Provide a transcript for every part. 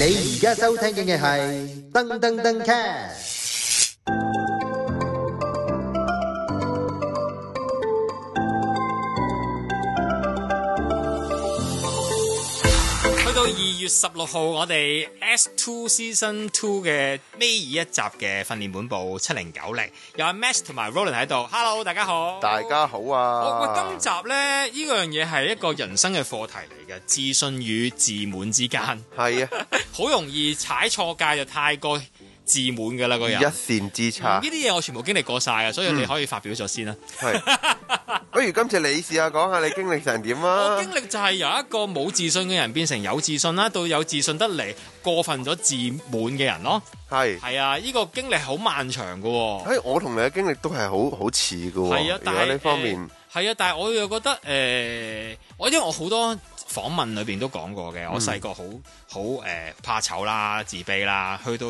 你而家收聽嘅係噔噔噔 cast。二月十六號，我哋 S Two Season Two 嘅尾二一集嘅訓練本部七零九零，有 Max 同埋 Rollin 喺度，Hello 大家好，大家好啊！今集咧呢個樣嘢係一個人生嘅課題嚟嘅，自信與自滿之間，係啊，好 容易踩錯界就太過。自滿嘅啦，個人一線之差，呢啲嘢我全部經歷過晒嘅，嗯、所以你可以發表咗先啦是。係， 不如今次你試下講下你經歷成點啊？ 我經歷就係由一個冇自信嘅人變成有自信啦，到有自信得嚟過分咗自滿嘅人咯。係係是啊，呢、呢個經歷好漫長嘅喎、哦。我同你嘅經歷都係好好似嘅喎。係、哦、啊，但係呢方面係、呃、啊，但係我又覺得誒、呃，我因為我好多訪問裏邊都講過嘅，嗯、我細個好好誒怕醜啦、自卑啦，去到。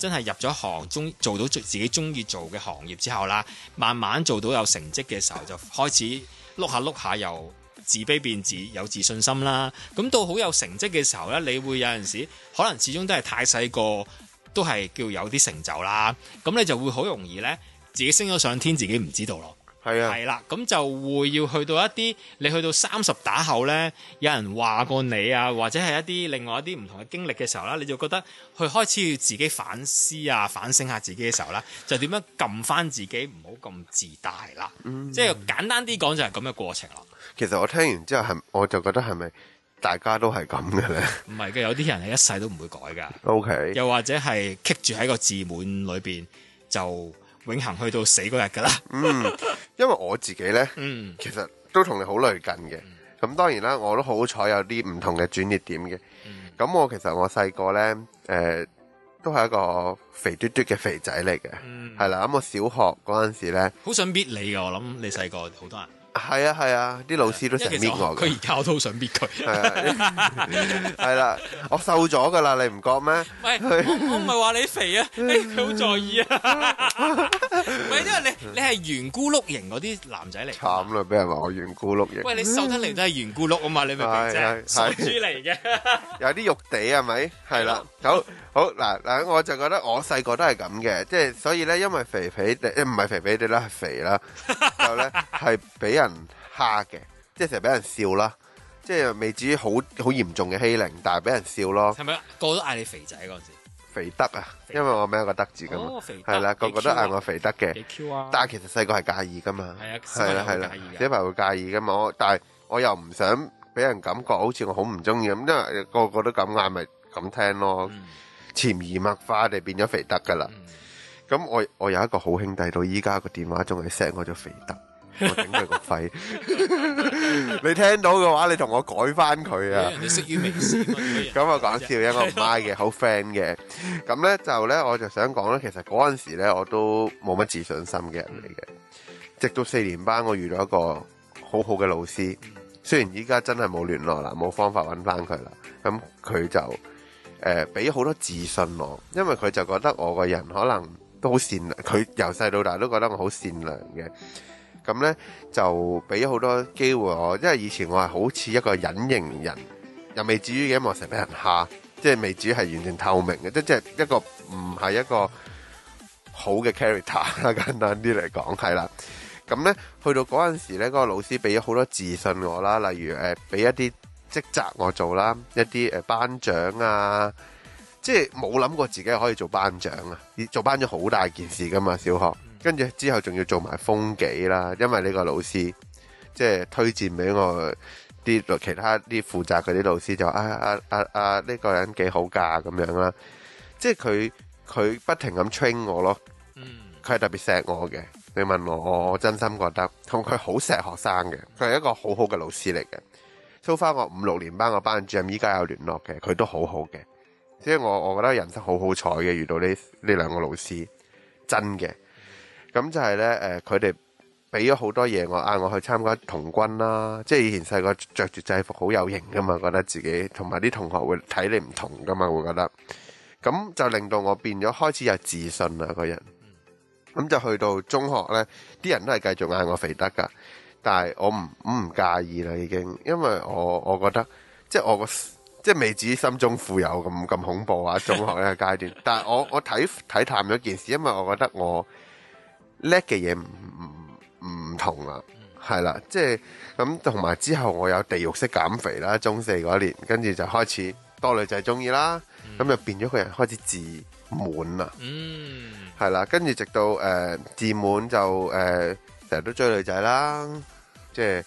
真係入咗行，中做到自己鍾意做嘅行業之後啦，慢慢做到有成績嘅時候，就開始碌下碌下，又自卑變自有自信心啦。咁到好有成績嘅時候呢，你會有陣時可能始終都係太細個，都係叫有啲成就啦。咁你就會好容易呢，自己升咗上天，自己唔知道咯。係啊，係啦，咁就會要去到一啲你去到三十打後咧，有人話過你啊，或者係一啲另外一啲唔同嘅經歷嘅時候啦，你就覺得佢開始要自己反思啊，反省下自己嘅時候啦，就點樣撳翻自己唔好咁自大啦，嗯、即係簡單啲講就係咁嘅過程咯。其實我聽完之後係，我就覺得係咪大家都係咁嘅咧？唔係嘅，有啲人係一世都唔會改噶。OK，又或者係棘住喺個自滿裏邊就。永恆去到死嗰日噶啦， 嗯，因為我自己咧，嗯，其實都同你好類近嘅，咁、嗯、當然啦，我都好彩有啲唔同嘅轉捩點嘅，咁、嗯、我其實我細個咧，誒、呃，都係一個肥嘟嘟嘅肥仔嚟嘅，係啦、嗯，咁我小學嗰陣時咧，好想搣你噶，我諗你細個好多人，係啊係啊，啲老師都成日搣我嘅，佢而家我都好想搣佢，係啦，我瘦咗噶啦，你唔覺咩？喂是！係， 我唔係話你肥啊，誒、 哎，佢好在意啊。 唔係，因為你你係圓咕碌型嗰啲男仔嚟，慘啦！俾人話我圓咕碌型。喂，你瘦得嚟都係圓咕碌啊嘛，你咪平啫，傻豬嚟嘅，有啲肉地係咪？係啦，好好嗱嗱，我就覺得我細個都係咁嘅，即係所以咧，因為肥肥哋唔係肥肥啲啦，係肥啦，然後咧係俾人蝦嘅，即係成日俾人笑啦，即係未至於好好嚴重嘅欺凌，但係俾人笑咯。係咪啊？個個都嗌你肥仔嗰陣時。肥德啊，因為我名有一個德字噶嘛，係啦，個個都嗌我肥德嘅，但係其實細個係介意噶嘛，係啦係啦，小朋友會介意噶嘛，但係我又唔想俾人感覺好似我好唔中意咁，因為個個都咁嗌咪咁聽咯，潛移默化地變咗肥德噶啦，咁我我有一個好兄弟到依家個電話仲係 save 我做肥德。我頂佢個肺！ 你聽到嘅話，你同我改翻佢啊！你識語名師，咁我講笑嘅，因為我唔拉嘅，好 friend 嘅。咁 呢，就呢，我就想講呢。其實嗰陣時呢，我都冇乜自信心嘅人嚟嘅。直到四年班，我遇到一個好好嘅老師，雖然依家真係冇聯絡啦，冇方法揾翻佢啦。咁佢就誒俾好多自信我，因為佢就覺得我個人可能都好善良，佢由細到大都覺得我好善良嘅。咁咧就俾好多機會我，因為以前我係好似一個隱形人，又未至於嘅，我成日俾人蝦，即係未至於係完全透明嘅，即係一個唔係一個好嘅 character 啦，簡單啲嚟講係啦。咁咧去到嗰陣時咧，嗰個老師俾咗好多自信我啦，例如誒俾一啲職責我做啦，一啲誒班長啊，即係冇諗過自己可以做班長啊，做班長好大件事噶嘛，小學。跟住之後仲要做埋風紀啦，因為呢個老師即係推薦俾我啲其他啲負責嗰啲老師就話：啊啊啊啊，呢、啊啊這個人幾好㗎咁樣啦！即係佢佢不停咁 train 我咯，佢係、嗯、特別錫我嘅。你問我，我真心覺得同佢好錫學生嘅，佢係一個好好嘅老師嚟嘅。蘇、so、返我五六年班個班主任，依家有聯絡嘅，佢都好好嘅。所以我我覺得人生好好彩嘅，遇到呢呢兩個老師真嘅。咁就係咧，誒、呃，佢哋俾咗好多嘢我，嗌我去參加童軍啦，即係以前細個着住制服好有型噶嘛，覺得自己，同埋啲同學會睇你唔同噶嘛，會覺得，咁就令到我變咗開始有自信啦個人，咁就去到中學咧，啲人都係繼續嗌我肥得噶，但係我唔唔介意啦已經，因為我我覺得，即係我個，即係未至於心中富有咁咁恐怖啊，中學呢個階段，但係我我睇睇淡咗件事，因為我覺得我。叻嘅嘢唔唔同啦，係啦、嗯，即係咁同埋之後，我有地獄式減肥啦，中四嗰年，跟住就開始多女仔鍾意啦，咁、嗯、就變咗個人開始自滿啦，嗯，係啦，跟住直到誒、呃、自滿就誒成日都追女仔啦，即係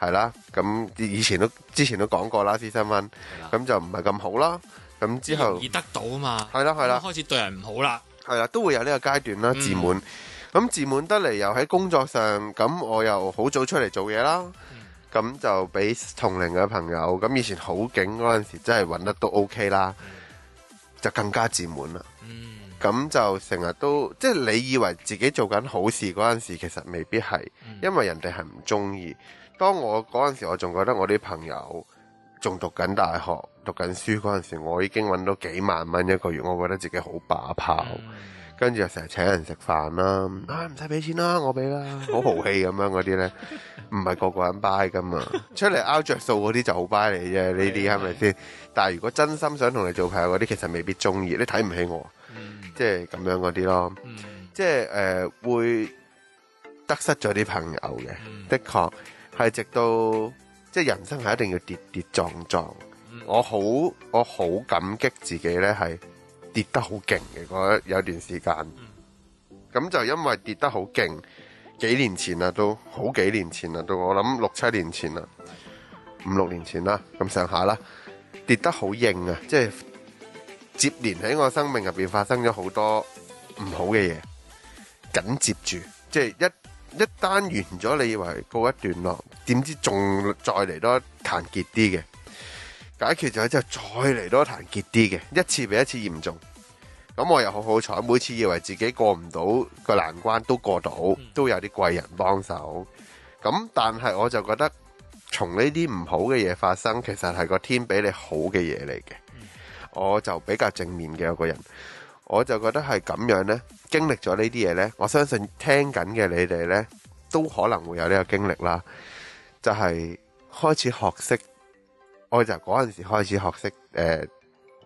係啦，咁以前都之前都講過啦啲新聞，咁、嗯、就唔係咁好啦，咁之後易得到嘛，係啦係啦，開始對人唔好啦，係啦都會有呢個階段啦，自滿。嗯咁自滿得嚟，又喺工作上，咁我又好早出嚟做嘢啦，咁、mm. 就畀同齡嘅朋友，咁以前好勁嗰陣時，真係揾得都 OK 啦，mm. 就更加自滿啦。咁、mm. 就成日都，即、就、係、是、你以為自己做緊好事嗰陣時，其實未必係，mm. 因為人哋係唔中意。當我嗰陣時，我仲覺得我啲朋友仲讀緊大學、讀緊書嗰陣時，我已經揾到幾萬蚊一個月，我覺得自己好把炮。Mm. 跟住又成日請人食飯啦，啊唔使俾錢啦，我俾啦，好豪氣咁樣嗰啲咧，唔係個個人都拜㗎嘛， 出嚟拗着數嗰啲就好拜你啫，呢啲係咪先？是是 但係如果真心想同你做朋友嗰啲，其實未必鍾意，你睇唔起我，嗯、即係咁樣嗰啲咯，嗯、即係誒、呃、會得失咗啲朋友嘅，嗯、的確係直到即係人生係一定要跌跌撞撞，我好，我好，我，好我好感激自己咧係。跌得好勁嘅，嗰有一段時間，咁、嗯、就因為跌得好勁，幾年前啦，都好幾年前啦，都我諗六七年前啦，五六年前啦，咁上下啦，跌得好硬啊！即係接連喺我生命入邊發生咗好多唔好嘅嘢，緊接住，即係一一單完咗，你以為告一段落，點知仲再嚟多彈結啲嘅。解決咗之後，再嚟多難結啲嘅，一次比一次嚴重。咁我又好好彩，每次以為自己過唔到個難關，都過到，都有啲貴人幫手。咁但係我就覺得，從呢啲唔好嘅嘢發生，其實係個天俾你好嘅嘢嚟嘅。我就比較正面嘅一個人，我就覺得係咁樣呢。經歷咗呢啲嘢呢，我相信聽緊嘅你哋呢，都可能會有呢個經歷啦。就係、是、開始學識。我就嗰陣時開始學識誒、呃、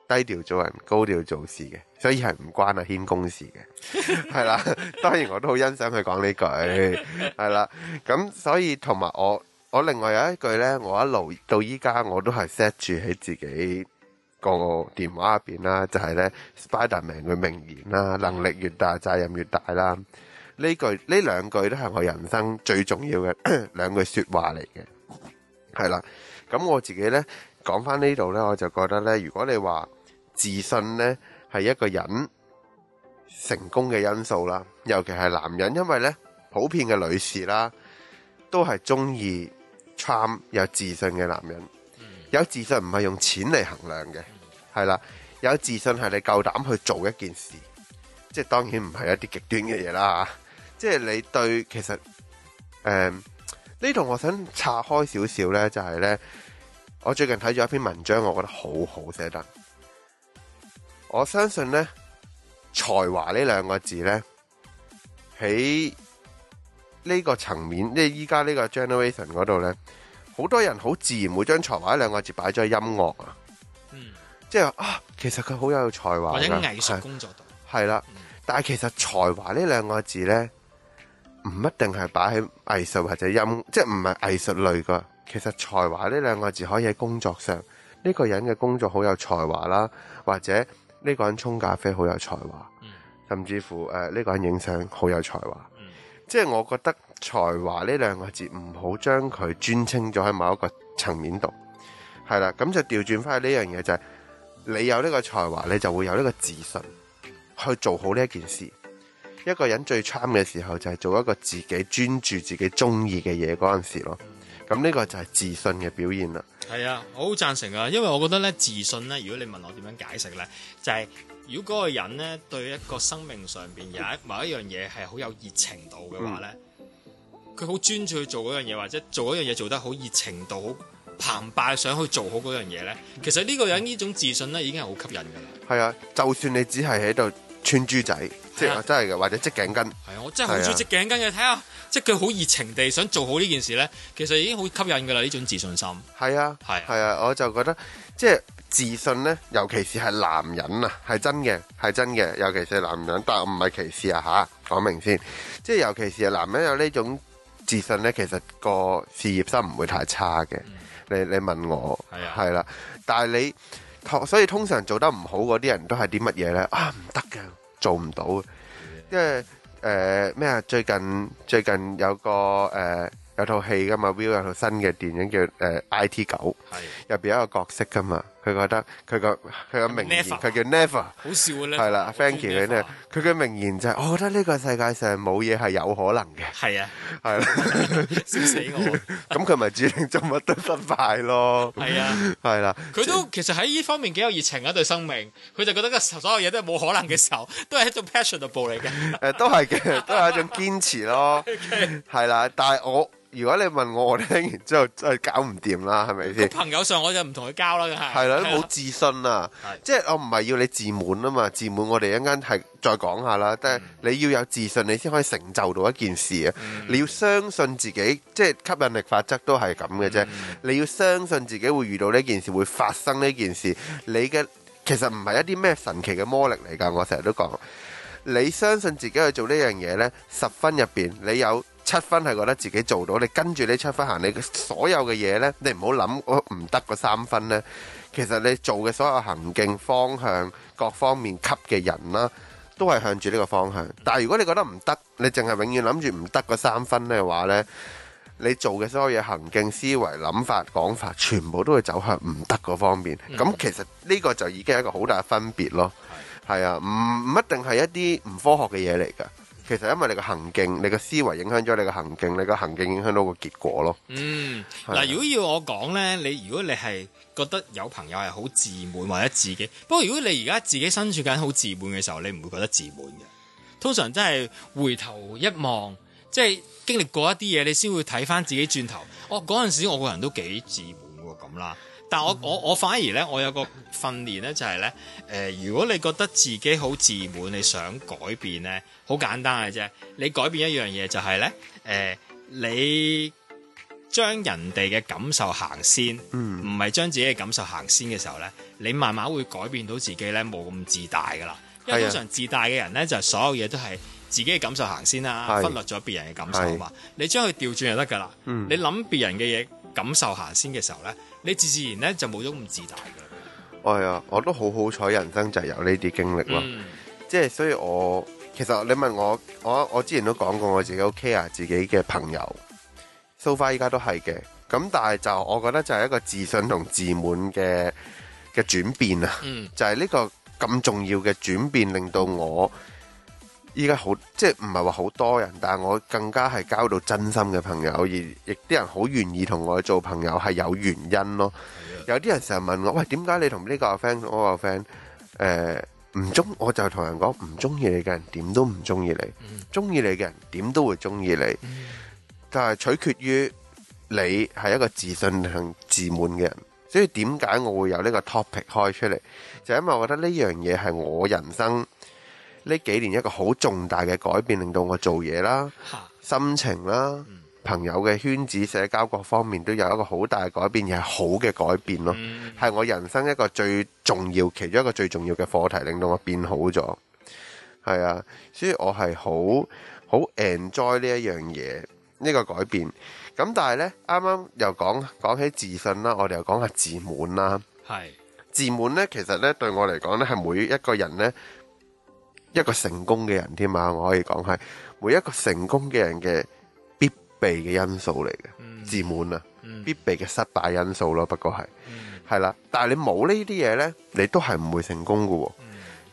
低調做人，高調做事嘅，所以係唔關阿謙公事嘅，係啦。 當然我都好欣賞佢講呢句，係啦。咁所以同埋我，我另外有一句呢，我一路到依家我都係 set 住喺自己個電話入邊啦，就係、是、呢 Spider-Man 嘅名言啦，能力越大，責任越大啦。呢句呢兩句都係我人生最重要嘅 兩句說話嚟嘅，係啦。咁我自己呢，講翻呢度呢，我就覺得呢，如果你話自信呢，係一個人成功嘅因素啦，尤其係男人，因為呢，普遍嘅女士啦，都係中意 charm 有自信嘅男人。嗯、有自信唔係用錢嚟衡量嘅，係啦，有自信係你夠膽去做一件事，即係當然唔係一啲極端嘅嘢啦，即係你對其實誒。嗯呢度我想拆開少少呢，就係呢。我最近睇咗一篇文章，我覺得好好寫得。我相信呢，「才華」呢兩個字呢，喺呢個層面，即係依家呢個 generation 嗰度呢，好多人好自然會將才華呢兩個字擺咗喺音樂啊，即係話、嗯、啊，其實佢好有才華，或者藝術工作度，係啦，嗯、但係其實才華呢兩個字呢。唔一定係擺喺藝術或者音，即係唔係藝術類噶。其實才華呢兩個字可以喺工作上，呢、這個人嘅工作好有才華啦，或者呢個人沖咖啡好有才華，甚至乎誒呢、呃這個人影相好有才華。嗯、即係我覺得才華呢兩個字唔好將佢專稱咗喺某一個層面度，係啦。咁就調轉返去呢樣嘢就係、是，你有呢個才華，你就會有呢個自信去做好呢一件事。一個人最 charm 嘅時候就係、是、做一個自己專注自己中意嘅嘢嗰陣時咯，咁呢個就係自信嘅表現啦。係啊，我好贊成啊，因為我覺得咧，自信咧，如果你問我點樣解釋咧，就係、是、如果嗰個人咧，對一個生命上邊有一某一樣嘢係好有熱情度嘅話咧，佢好、嗯、專注去做嗰樣嘢，或者做一樣嘢做得好熱情度好澎湃，想去做好嗰樣嘢咧，其實呢個人呢種自信咧已經係好吸引㗎喇。係啊，就算你只係喺度。穿珠仔，即係真係嘅，或者織頸巾。係啊，我真係好中意織頸巾嘅。睇下，即係佢好熱情地想做好呢件事咧，其實已經好吸引噶啦。呢種自信心。係啊，係啊，我就覺得即係自信咧，尤其是係男人啊，係真嘅，係真嘅，尤其是男人。但係我唔係歧視啊吓，講明先。即係尤其是係男人有呢種自信咧，其實個事業心唔會太差嘅。你你問我係啊，係啦，但係你。所以通常做得唔好嗰啲人都係啲乜嘢咧？啊，唔得嘅，做唔到。因為誒咩啊？最近最近有個誒、呃、有套戲㗎嘛，Will 有套新嘅電影叫誒 I T 九》呃，入邊的有一個角色㗎嘛。佢覺得佢個佢個名言，佢叫 Never，好笑啊！係啦，Frankie 佢咧，佢嘅名言就係：我覺得呢個世界上冇嘢係有可能嘅。係啊，係啦，笑死我！咁佢咪注定做乜都失敗咯？係啊，係啦。佢都其實喺呢方面幾有熱情啊！對生命，佢就覺得個所有嘢都係冇可能嘅時候，都係一種 passion 嘅步嚟嘅。誒，都係嘅，都係一種堅持咯。係啦，但係我。如果你問我，我聽完之後真係搞唔掂啦，係咪先？朋友上我就唔同佢交啦，真係。係啦，都冇自信啊！即係我唔係要你自滿啊嘛，自滿我哋一間係再講下啦。但係你要有自信，你先可以成就到一件事啊！你要相信自己，即係吸引力法則都係咁嘅啫。你要相信自己會遇到呢件事，會發生呢件事。你嘅其實唔係一啲咩神奇嘅魔力嚟㗎。我成日都講，你相信自己去做呢樣嘢呢，十分入邊你有。七分係覺得自己做到，你跟住呢七分行，你所有嘅嘢咧，你唔好諗我唔得嗰三分咧。其實你做嘅所有行徑、方向、各方面級嘅人啦，都係向住呢個方向。但係如果你覺得唔得，你淨係永遠諗住唔得嗰三分嘅話咧，你做嘅所有嘢行徑、思維、諗法、講法，全部都會走向唔得嗰方面。咁其實呢個就已經係一個好大分別咯。係啊，唔唔一定係一啲唔科學嘅嘢嚟㗎。其實因為你個行徑、你個思維影響咗你個行徑，你個行徑影響到個結果咯。嗯，嗱是，如果要我講呢，你如果你係覺得有朋友係好自滿或者自己，不過如果你而家自己身處緊好自滿嘅時候，你唔會覺得自滿嘅。通常真係回頭一望，即係經歷過一啲嘢，你先會睇翻自己轉頭。哦，嗰陣時我個人都幾自滿喎，咁啦。但我、嗯、我我反而咧，我有個訓練咧，就係、是、咧，誒、呃，如果你覺得自己好自滿，你想改變咧，好簡單嘅啫。你改變一樣嘢就係咧，誒、呃，你將人哋嘅感受行先，唔係、嗯、將自己嘅感受行先嘅時候咧，你慢慢會改變到自己咧冇咁自大噶啦。因為通常自大嘅人咧，就係所有嘢都係自己嘅感受行先啦、啊，是忽略咗別人嘅感受嘛是。你將佢調轉就得噶啦，嗯、你諗別人嘅嘢。感受下先嘅時候呢，你自自然呢就冇咗咁自大嘅。我係啊，我都好好彩，人生就有呢啲經歷咯。嗯、即係所以我其實你問我，我我之前都講過我自己 OK 啊，自己嘅朋友，so far 依家都係嘅。咁但係就我覺得就係一個自信同自滿嘅嘅轉變啊。就係呢個咁重要嘅轉變，嗯、 轉變令到我。依家好，即係唔係話好多人，但係我更加係交到真心嘅朋友，而亦啲人好願意同我做朋友係有原因咯。 有啲人成日問我，喂，點解你同呢個 friend 同嗰個 friend，誒，唔、呃、中，我就同人講，唔中意你嘅人點都唔中意你，中意你嘅人點都會中意你。但係 取決於你係一個自信同自滿嘅人，所以點解我會有呢個 topic 開出嚟，就是、因為我覺得呢樣嘢係我人生。呢幾年一個好重大嘅改變，令到我做嘢啦、心情啦、朋友嘅圈子、社交各方面，都有一個好大嘅改變，而係好嘅改變咯。係、嗯、我人生一個最重要，其中一個最重要嘅課題，令到我變好咗。係啊，所以我係好好 enjoy 呢一樣嘢，呢、呢個改變。咁但係呢，啱啱又講講起自信啦，我哋又講下自滿啦。係是自滿呢，其實呢，對我嚟講呢，係每一個人呢。一個成功嘅人添啊，我可以講係每一個成功嘅人嘅必備嘅因素嚟嘅。嗯、自滿啊，嗯、必備嘅失敗因素咯、啊。不過係，係、嗯、啦，但係你冇呢啲嘢呢，你都係唔會成功嘅、啊。嗯、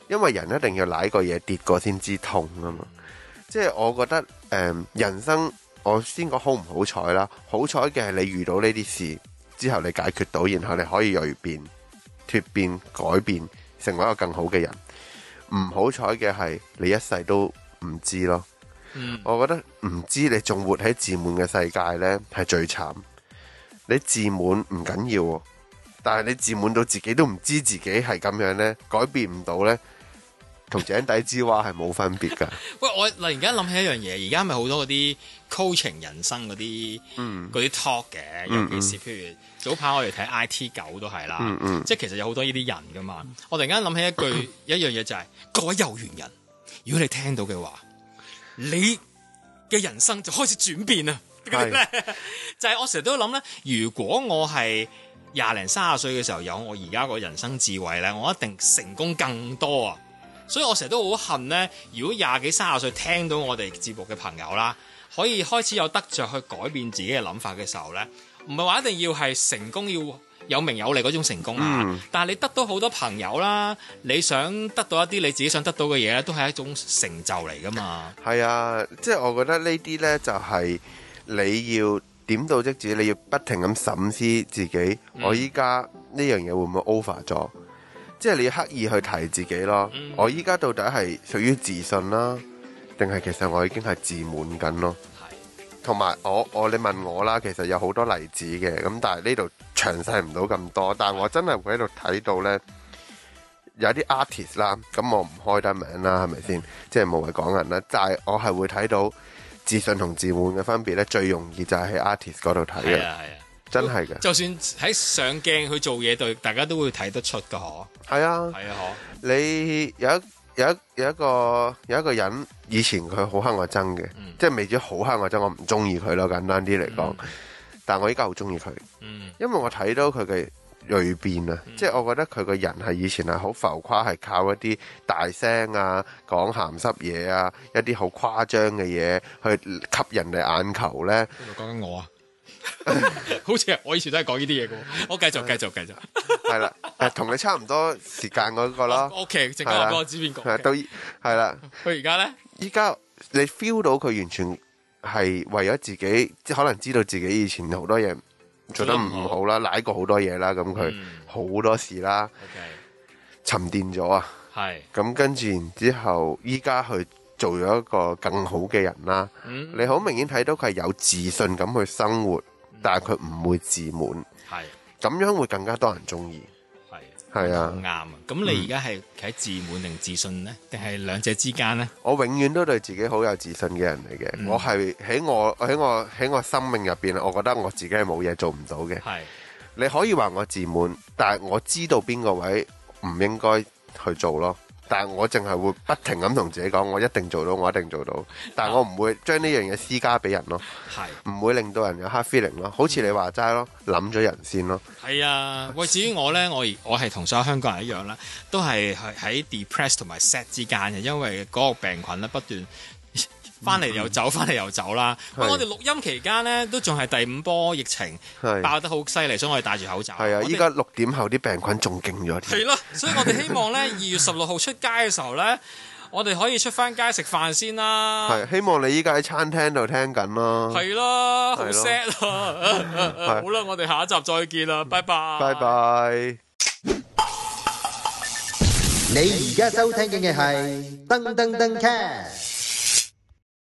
因為人一定要舐個嘢跌過先知痛啊嘛。即係我覺得，誒、嗯，人生我先講好唔好彩啦。好彩嘅係你遇到呢啲事之後，你解決到，然後你可以銳變、脫變、改變，成為一個更好嘅人。唔好彩嘅係，你一世都唔知咯。嗯。我覺得唔知你仲活喺自滿嘅世界呢，係最慘。你自滿唔緊要，但係你自滿到自己都唔知自己係咁樣呢，改變唔到呢。同井底之蛙係冇分別噶。 喂，我突然間諗起一樣嘢，而家咪好多嗰啲 coaching 人生嗰啲，啲、嗯、talk 嘅尤其是譬如、嗯嗯、早排我哋睇 I T 九都係啦，嗯嗯、即係其實有好多呢啲人噶嘛。我突然間諗起一句、嗯、一樣嘢就係、是、各位有緣人，如果你聽到嘅話，你嘅人生就開始轉變啊！是 就係我成日都諗咧，如果我係廿零三十歲嘅時候有我而家個人生智慧咧，我一定成功更多啊！所以我成日都好恨呢。如果廿幾、三十歲聽到我哋節目嘅朋友啦，可以開始有得着去改變自己嘅諗法嘅時候呢，唔係話一定要係成功，要有名有利嗰種成功嚇。嗯、但係你得到好多朋友啦，你想得到一啲你自己想得到嘅嘢咧，都係一種成就嚟㗎嘛。係、嗯、啊，即、就、係、是、我覺得呢啲呢，就係、是、你要點到即止，你要不停咁審思自己，我依家呢樣嘢會唔會 over 咗？即係你要刻意去提自己咯。嗯、我依家到底係屬於自信啦，定係其實我已經係自滿緊咯？同埋的我我你問我啦，其實有好多例子嘅，咁但係呢度詳細唔到咁多。但係我真係會喺度睇到呢，有啲 artist 啦，咁我唔開得名啦，係咪先？的即係無謂講人啦。就係我係會睇到自信同自滿嘅分別咧，最容易就係喺 artist 嗰度睇嘅。真係嘅，就算喺上鏡去做嘢，對大家都會睇得出噶，嗬。係啊，係啊，你有一、有一、有一個有一個人，以前佢好黑我憎嘅，即係未至於好黑我憎。我唔中意佢咯。簡單啲嚟講，嗯、但我依家好中意佢，嗯，因為我睇到佢嘅蛻變啊，即係、嗯、我覺得佢個人係以前係好浮誇，係靠一啲大聲啊、講鹹濕嘢啊、一啲好誇張嘅嘢去吸人哋眼球咧。講緊、嗯、我啊！ 好似我以前都係講呢啲嘢嘅，我繼續繼續繼續，係啦，同 你差唔多時間嗰個咯。O K，陣間我講我知邊個，係、okay、啦，到係啦。佢而家咧，依家你 feel 到佢完全係為咗自己，即係可能知道自己以前好多嘢做得唔好啦，捱過好多嘢啦，咁佢好多事啦，嗯 okay、沉澱咗啊，係咁、嗯、跟住然之後，依家去。做咗一個更好嘅人啦，你好明顯睇到佢係有自信咁去生活，但係佢唔會自滿，係咁樣會更加多人中意，係係啊啱啊！咁你而家係喺自滿定自信呢，定係兩者之間呢？我永遠都對自己好有自信嘅人嚟嘅，我係喺我喺我喺我生命入邊，我覺得我自己係冇嘢做唔到嘅。係你可以話我自滿，但係我知道邊個位唔應該去做咯。但係我淨係會不停咁同自己講，我一定做到，我一定做到。但係我唔會將呢樣嘢施加俾人咯，係唔是會令到人有黑 feeling 咯。好似你話齋咯，諗咗、嗯、人先咯。係啊，喂，至於我呢？我我係同所有香港人一樣啦，都係係喺 depressed 同埋 sad 之間嘅，因為嗰個病菌咧不斷。翻嚟又走，翻嚟又走啦！我哋錄音期間呢，都仲係第五波疫情爆得好犀利，所以我哋戴住口罩。係啊，依家六點後啲病菌仲勁咗啲。係啦、啊，所以我哋希望呢，二月十六號出街嘅時候呢，我哋可以出翻街食飯先啦。係、啊，希望你依家喺餐廳度聽緊啦。係啦，好 sad 啊！啊啊好啦，我哋下一集再見啦，拜拜，拜拜。你而家收聽緊嘅係登登登 c